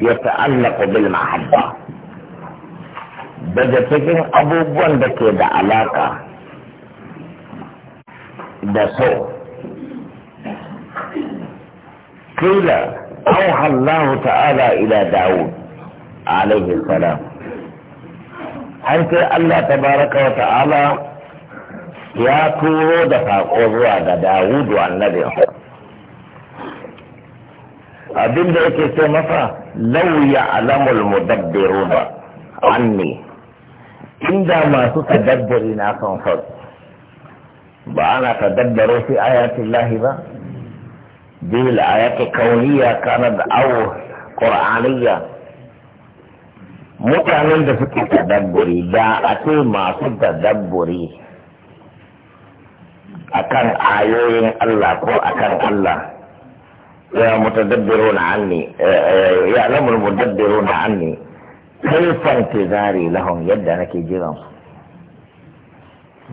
يتعلق بالمحبة بدا تجين أبوبون دا كده علاقة دا سوء قيل أوحى الله تعالى إلى داود عليه السلام أنت الله تبارك وتعالى يا كورو دفع قرى دا داود وعن نبي أخر abin da yake ce masa lauya ya alamul mudabbiru ba anni inda masu tadabbari na kan faru ba ana tadabbaro fi ayatin lahi ba bil ayatu kauniya kana da awo qur'aniyya mutanen da suke tadabburi da a ce masu tadabburi akan ayoyin Allah ko akan Allah متدبرون عني آه، آه، يعلم المدبرون عني كيف انتظاري لهم يد انا كي جيران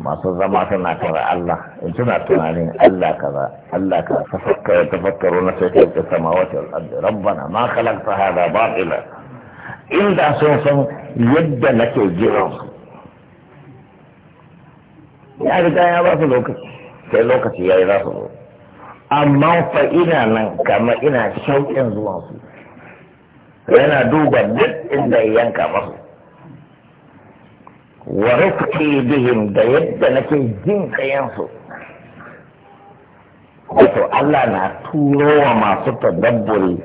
ما تزما سنا كذا الله ان سنا تنانين يعني الله كذا الله كذا تفكر تفكرون في السماوات والارض ربنا ما خلقت هذا باطلا ان دا يد لك كي يعني يا رجال يا باطل لوكتي كي لوكتي يا رجال amma fa ina nan kama ina shauƙin zuwa su yana duba duk inda yanka masu wa rufki bihim da yadda nake jin kayansu wato Allah na turo wa masu tadabburi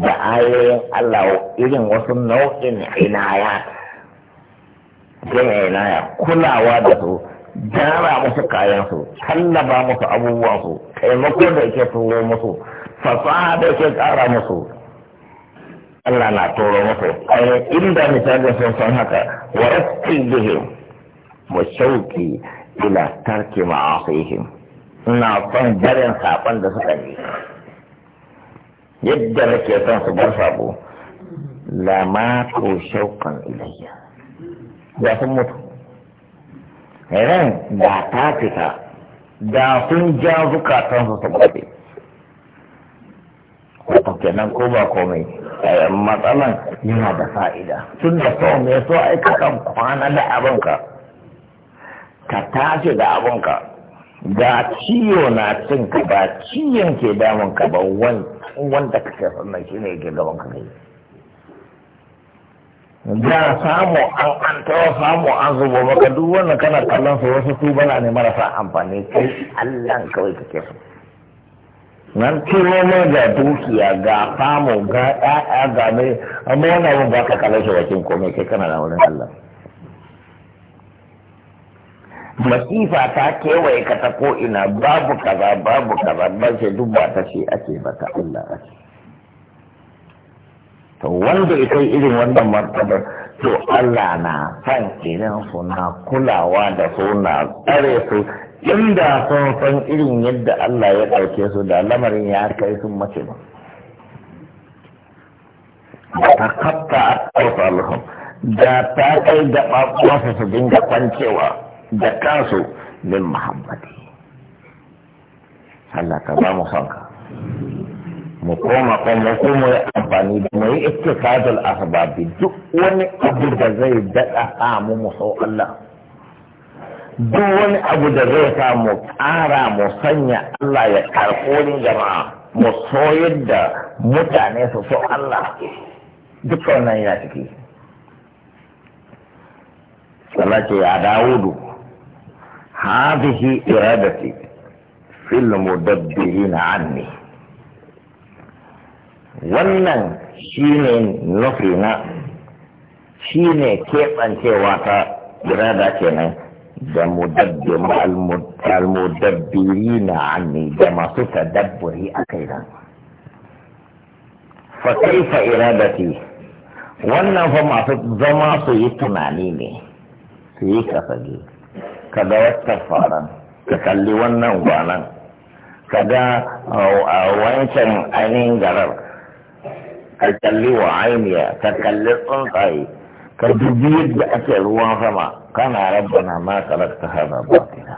da ayoyin Allah irin wasu nau'in inaya inaya kulawa da su gyara musu kayansu tallaba musu abubuwansu taimako da yake turo musu fasaha da yake kara musu Allah na turo musu inda misalin sun san haka wa yasqi bihim wa shauki ila tarki ma'asihim ina son barin saban da suka yi yadda nake son su bar sabo lama ko shaukan ilayya ya sun mutu ran da ta fita da sun ja zukatansu su bade wato kenan ko ba komai eh, matsalan yana da fa'ida tun da so mai so aika kan kwana da abinka ka tashi da abinka ga ciwo na cin ka ba ciyon ke ka ba wanda kake sannan shi ne ke gaban ka kai da samu an an tawa samu an zubo maka duk wannan kana kallon sa wasu su bala ne marasa amfani kai Allah kawai kake so nan turo ne ga dukiya ga famu, ga ɗaya ga mai amma wani abin ba ka kallon shi wakin komai kai kana da wurin Allah masifa ta kewaye ka ta ko ina babu kaza babu kaza ban sai duk ba ta ce ake ba ta Allah ake to wanda ita irin wannan martabar to Allah na san idan su na kulawa da su na tsare su inda sun san irin yadda Allah ya ɗauke su da lamarin ya kai sun mace ba ta katta a ƙarfa da ta kai da ɓaɓɓansu su dinga kwancewa da kansu min muhammadi Allah ka ba mu sonka mu koma ko mu ko mu yi amfani da mu yi ittikadul asbabi duk wani abu da zai dada a mu mu so Allah duk wani abu da zai sa mu ƙara mu sanya Allah ya karɓo ni jama'a mu so yadda mutane su so Allah duk wannan ya ciki salatu ya dawudu hadhihi iradati fil mudabbirina anni wannan shine nufi na shine keɓancewa ta irada kenan da mudabbin almudabbiri na anni da masu tadabburi a kai nan fa iradati wannan fa masu zama su yi tunani ne su yi kasage ka wata faran ka kalli wannan gwanan ka a uh, uh, wancan ainihin garar ka kalli wa ainiya ka kalli tsuntsaye ka dubi yadda ake ruwan sama kana rabbana ma kalakta hada batila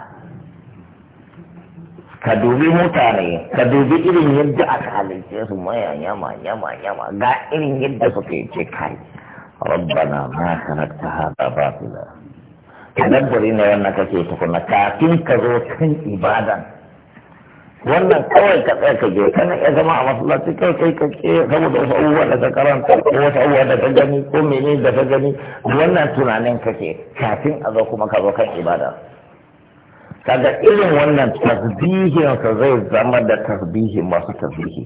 ka dubi mutane ka dubi irin yadda aka halice su maya yama yama yama ga irin yadda suke ce kai rabbana ma kalakta hada batila kadaddari ne wannan kake tukuna kafin ka zo kan ibadan wannan kawai ka tsaya ka je kana iya zama a masallaci kai kai ka ke saboda wasu abubuwa da ta karanta ko wasu abubuwa da ta gani ko mene da ta gani wannan tunanin ka kake kafin a zo kuma ka zo kan ibada kaga irin wannan tasbihin sa zai zama da tasbihi masu tasbihi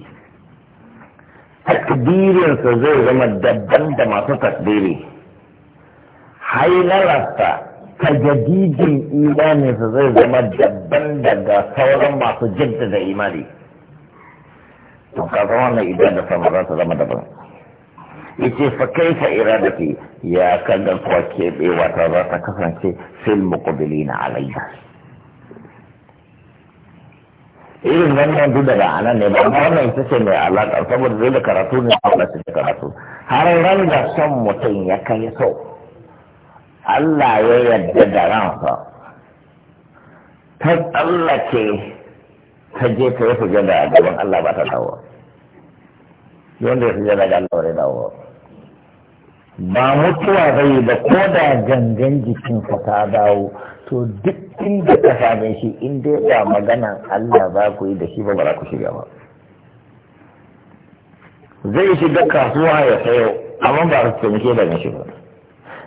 takbirin sa zai zama daban da masu takbiri hailalarsa tajadidin imaninsa zai zama daban daga sauran masu jaddada imani to kaga wannan idan da sama za ta zama daban yace fa kaifa iradati ya kaga kuwa kebewa ta za ta kasance fil muqbilina alayha irin wannan duk daga anan ne ba wannan ita ce mai alaƙa saboda zai da karatu ne a da karatu har ran son mutum ya kai sau Allah ya yarda da ransa ta tsallake ta je ta yi sujada a gaban Allah ba ta dawo Yanda ya da ga Allah ya dawo ba mutuwa zai da ko da gangan jikinka ta dawo to duk inda ka same shi in dai ba maganan Allah ba ku yi da shi ba ba za ku shiga ba zai shiga kasuwa ya sayo amma ba su taimake da shi ba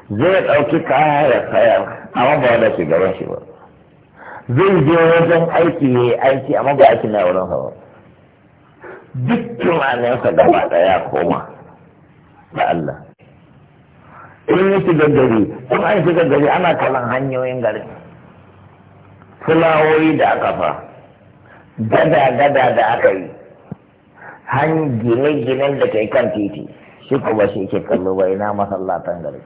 zai ɗauki kaya ya tsaya amma ba da gaban shi ba zai je wajen aiki ya yi aiki amma ba aiki na wurin hawa duk tunaninsa gaba ɗaya koma da Allah in yi shiga gari in an shiga gari ana kalan hanyoyin gari. fulawoyi da aka fa gada-gada da aka yi hanyar gine-ginen da ke kan titi shi kuma shi ke kallo ba ina masallatan gari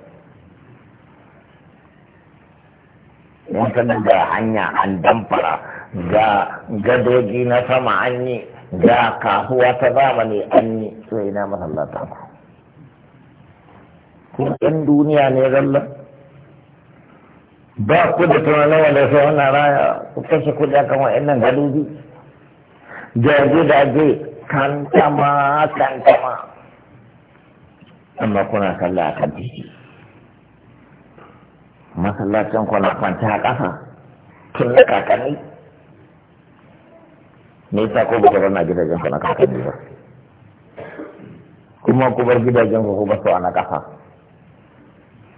mun san hanya an damfara ga gadoji na sama an yi ga kahuwa ta zamani an yi to ina masallata ku ku ɗan duniya ne zalla ba ku da tunanin wanda sai wani raya ku kashe kuɗi akan wa'annan gadoji jaje-jaje kantama kantama amma kuna kalla a kan titi masallacin kwana kwanta a ƙasa tun da kakanni me yasa ko ba na gidajen ku na kakanni ba kuma ku bar gidajen ku ba su na ƙasa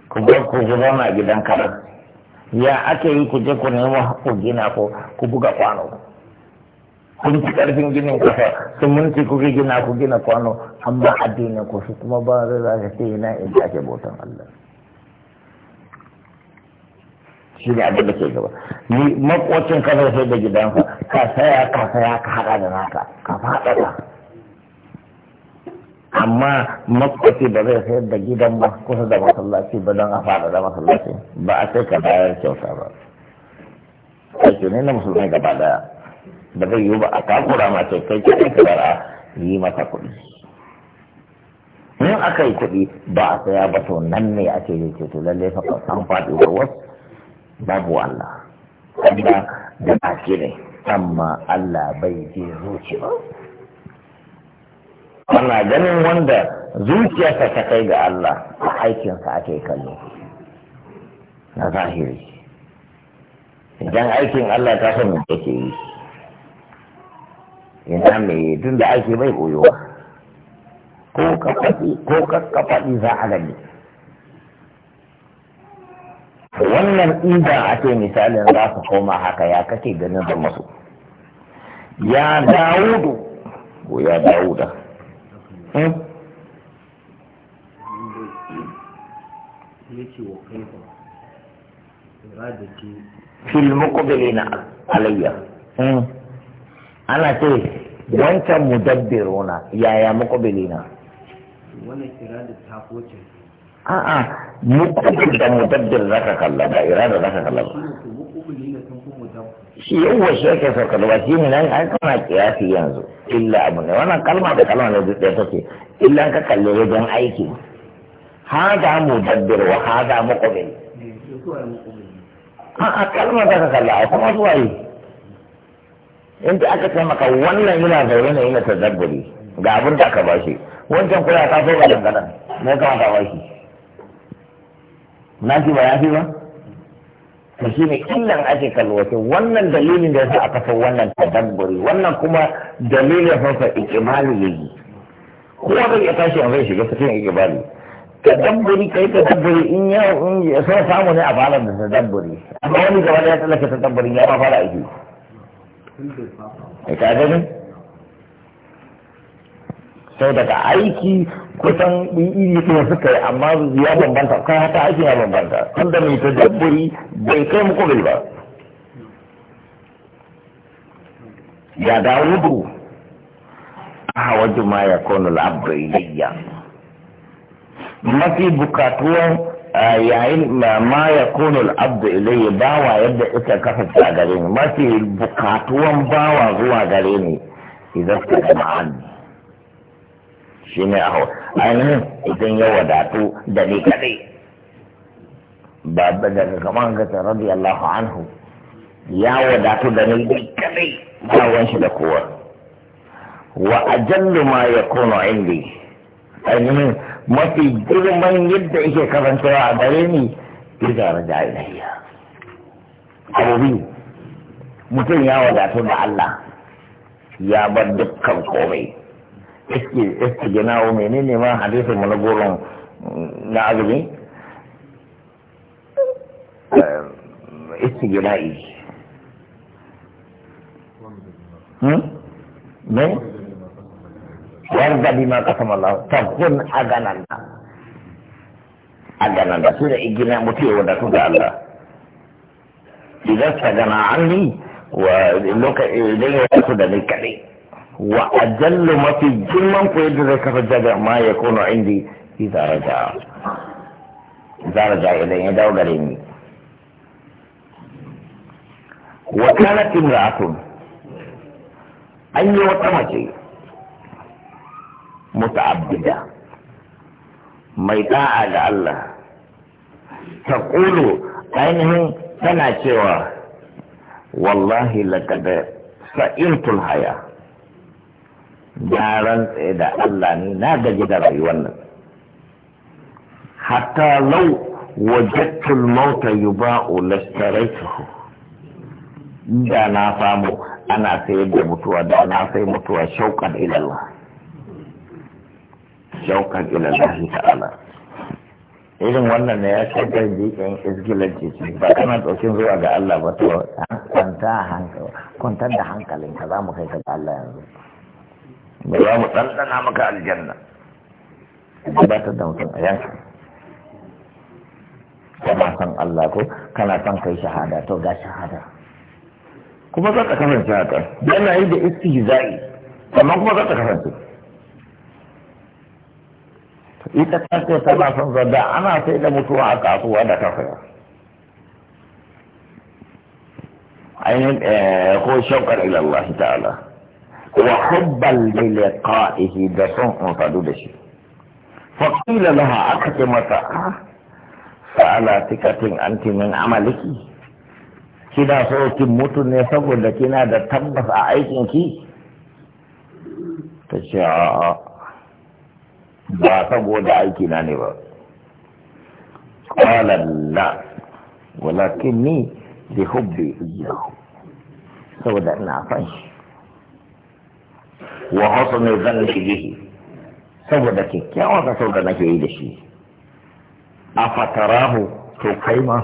ku bar ku zauna gidan kaɗan ya ake yi ku je ku nemo ku gina ko ku buga kwano kun ci karfin ginin kasa sun minti kuke gina ku gina kwano amma addinin ku su kuma ba zai za ka ce ina in ake bautan Allah shi ne abin da ke gaba ni makwacin ka sai da gidanka ka saya ka saya ka haɗa da naka ka fada ka amma makwaci ba zai sayar da gidan ba kusa da masallaci ba don a fada da masallaci ba a sai ka bayar kyauta ba aiki ne na musulmai gaba daya ba zai yiwu ba a kakura ma ce kai kai ka bara yi mata kuɗi in aka yi kuɗi ba a saya ba to nan ne ake yi ce to lallai fa an faɗi ba wasu babu Allah wanda da ake ne amma Allah bai je ba. ana ganin wanda zuciyarsa ta kai ga Allah a aikinsa ake kallo na zahiri idan aikin Allah ta san me ke yi ina me tun da ake bai koyowa ko ka ko ka faɗi za a wannan inda a ce misalin za su koma haka ya kake ganin da masu ya dawudu ko ya dawuda hmm? fil muqbilina alayya hmm? ana ce wancan mudabbiruna yaya na wannan kira da koce a'a mukubu da mudabdir za ka kalla ba irada za ka kalla ba shi yawwa shi yake sauka da shi ne nan an kana kiyasi yanzu illa abu ne wannan kalma da kalma ne duk da take illa ka kalli wajen aiki hada mudabdir wa mu mukubil a'a kalma da ka kalla a kuma zuwa yi in aka ce maka wannan yana zaune ne yana tadabburi ga abin da aka bashi wancan kula ka so ga dangana ne ka ta bashi na ji ba ya fi ba da shi ne illan ake kalwace wannan dalilin da yasa aka san wannan tadabburi wannan kuma dalilin fansa ikimali yi. kowa zai iya tashi zai shiga cikin ikimali tadabburi kai tadabburi in ya in ya so samu ne a falar da tadabburi amma wani gaba da ya tsallake tadabburi ya ma fara aiki. Ka gani? sau daga aiki kusan iri ɗaya suka yi amma ya bambanta kai hata aiki ya bambanta da mai ta dabburi bai kai muku bai ba ya dawudu a wajen ma ya labarai labariliyya mafi bukatuwan yayin ma ya kone abdu ilayya bawa yadda ita kafa a gare ni mafi bukatuwan bawa zuwa gare ni idan jama'a ne shi ne aho ainihin idan ya wadatu da ni kadai ba daga kaman ga radiyallahu anhu ya wadatu da ni kadai ba shi da kowa wa ajallu ma yakunu indi ainihin mafi girman yadda yake karantawa a gare ni ita raja ilayya abubi mutum ya wadatu da Allah ya bar dukkan komai eske iske iske ginawo menene ma hadisin mu na goron mm, na azumi eh, iske gina'i ne hmm? wanda bi ma kasama Allah tabun aganan aganan da su da igina mutuwa da su da Allah idan sagana an ni wa lokacin idan ya su da kadai واجل ما في جمع في ذلك الجدع ما يكون عندي اذا رجع اذا رجع إليه يدعو لي وكانت امرأة أي وطمة متعبدة ميطاعة لله تقول أينه تنعشوا والله لقد سئمت الحياه ya rantse da Allah ne na gaji da rayuwar nan hatta lau wajattul mauta yuba'u lastaraituhu da na samu ana sayar da mutuwa da na sai mutuwa shauƙan ilallah shauƙan ilallah ta'ala irin wannan ne ya ce kan jikin izgilanci ce ba kana ɗaukin zuwa ga Allah ba to kwanta hankali kwantar da za mu kai ka ga Allah yanzu ba za mu ɗanɗana maka aljanna gabatar da mutum a yanka kana san Allah ko kana son kai shahada to ga shahada kuma za ka kasance haka yana yi da istihza'i amma kuma za ta kasance ita ta ta tana son zada ana sai da mutuwa a kasuwa da kafaya ainihin eh, ko shaukar ilallah ta'ala wa hubban li liqa'ihi da son in sadu da shi fa laha aka ce mata fa ah, ala tikatin anti min amaliki kina so ki mutu ne saboda kina da tabbas a aikin ki ta ce a'a ba saboda aiki na ne ba qala la walakin ni li hubbi iyyahu saboda ina fanshi. wa husnul zanni bihi saboda kyakkyawan zato da nake yi da shi a fatarahu to kai ma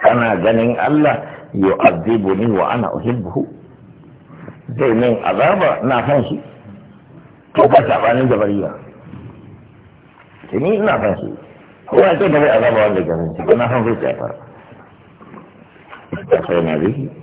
kana ganin Allah yu'adhibu ni wa ana uhibbuhu zai min azaba na san shi to ba sabanin da bariya ni ina san shi ko ya ce da bai azaba wanda ganin shi na san zai tsaya fara ta sai na bihi